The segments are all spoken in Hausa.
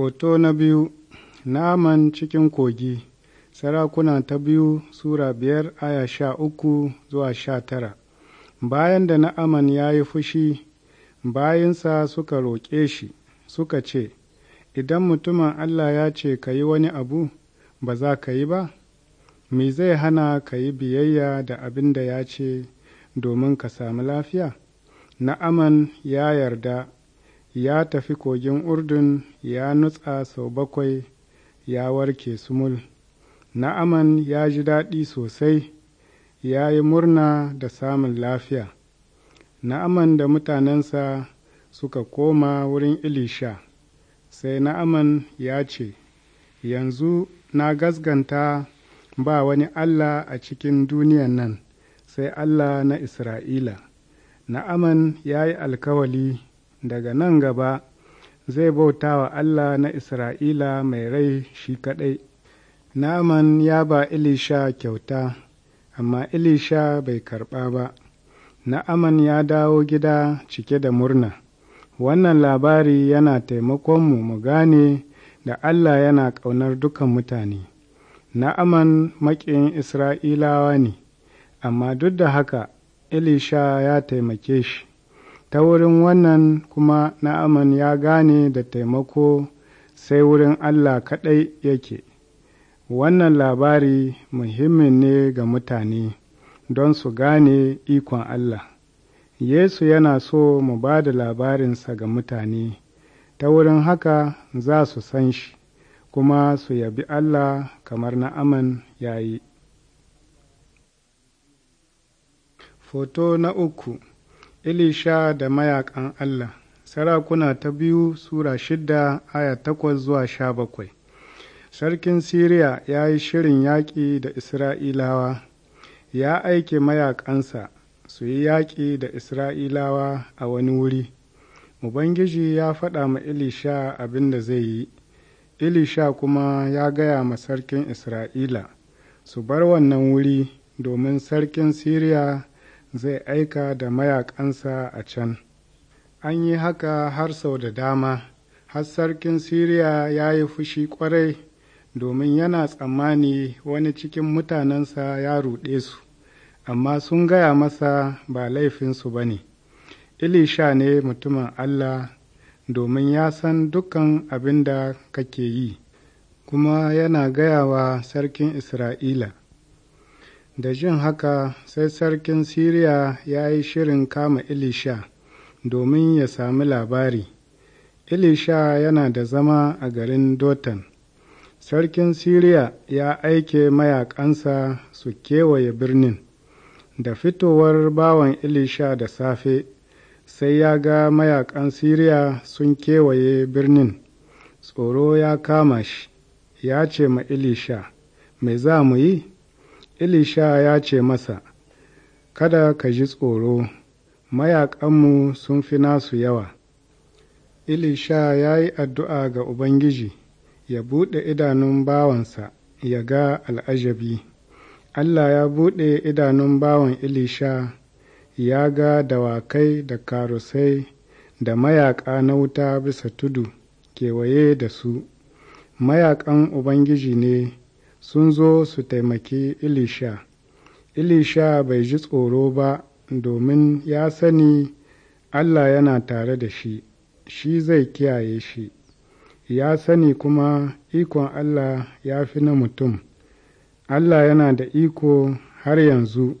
Hoto na biyu Naman cikin kogi Sarakuna ta biyu Sura biyar aya sha uku zuwa sha tara Bayan da na'aman ya yi fushi, bayansa suka roƙe shi, suka ce, Idan mutumin Allah ya ce ka yi wani abu, ba za ka yi ba? Me zai hana ka yi biyayya da abin da ya ce domin ka sami lafiya? Na'aman ya yarda ya tafi kogin urdun ya nutsa sau bakwai ya warke sumul na'aman ya ji daɗi sosai ya yi murna da samun lafiya na'aman da mutanensa suka koma wurin ilisha sai na'aman ya ce yanzu na gasganta ba wani allah a cikin duniyan nan sai allah na isra'ila na'aman ya yi alkawali daga nan gaba zai bauta wa Allah na Isra'ila mai rai shi kaɗai. Naman ya ba Ilisha kyauta, amma Ilisha bai karɓa ba. Na'aman ya dawo gida cike da murna. Wannan labari yana taimakonmu mu gane da Allah yana ƙaunar dukan mutane. Na'aman maƙin Isra'ilawa ne, amma duk da haka Ilisha ya taimake shi. ta wurin wannan kuma na'aman ya gane da taimako sai wurin allah kaɗai yake wannan labari muhimmin ne ga mutane don su gane ikon allah yesu yana so mu ba da labarinsa ga mutane ta wurin haka za su san shi kuma su yabi allah kamar na'aman ya yi foto na uku Ilisha da mayakan Allah Sarakuna ta biyu Sura shida aya takwas zuwa sha bakwai Sarkin Siriya ya yi shirin yaƙi da Isra'ilawa, ya aike mayakansa su yi yaƙi da Isra'ilawa a wani wuri. Ubangiji ya faɗa ma Ilisha abin da zai yi, Ilisha kuma ya gaya ma sarkin Isra'ila su bar wannan wuri domin sarkin Siriya zai aika da mayakansa a can an yi haka har sau da dama har sarkin siriya ya yi fushi kwarai domin yana tsammani wani cikin mutanensa ya ruɗe su amma sun gaya masa ba laifinsu ba ne ilisha ne mutumin allah domin ya san dukkan abin da kake yi kuma yana gaya wa sarkin isra'ila da jin haka sai sarkin siriya ya yi shirin kama ilisha domin ya sami labari ilisha yana da zama a garin dotan sarkin siriya ya aike mayakansa su kewaye birnin da fitowar bawan ilisha da safe sai ya ga mayakan siriya sun kewaye birnin tsoro ya kama shi ya ce ma ilisha me za mu yi Elisha ya ce masa, Kada ka ji tsoro, mayaƙanmu sun fi nasu yawa. Elisha ya yi addu'a ga Ubangiji, ya buɗe idanun bawansa, ya ga al'ajabi. Allah ya buɗe idanun bawan Elisha, ya ga dawakai da karusai da mayaƙa na wuta bisa tudu kewaye da su, mayaƙan Ubangiji ne. sun zo su taimaki ilisha ilisha bai ji tsoro ba domin ya sani allah yana tare da shi shi zai kiyaye shi ya sani kuma ikon allah ya fi na mutum allah yana da iko har yanzu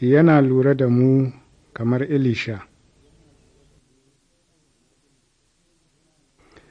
yana lura da mu kamar ilisha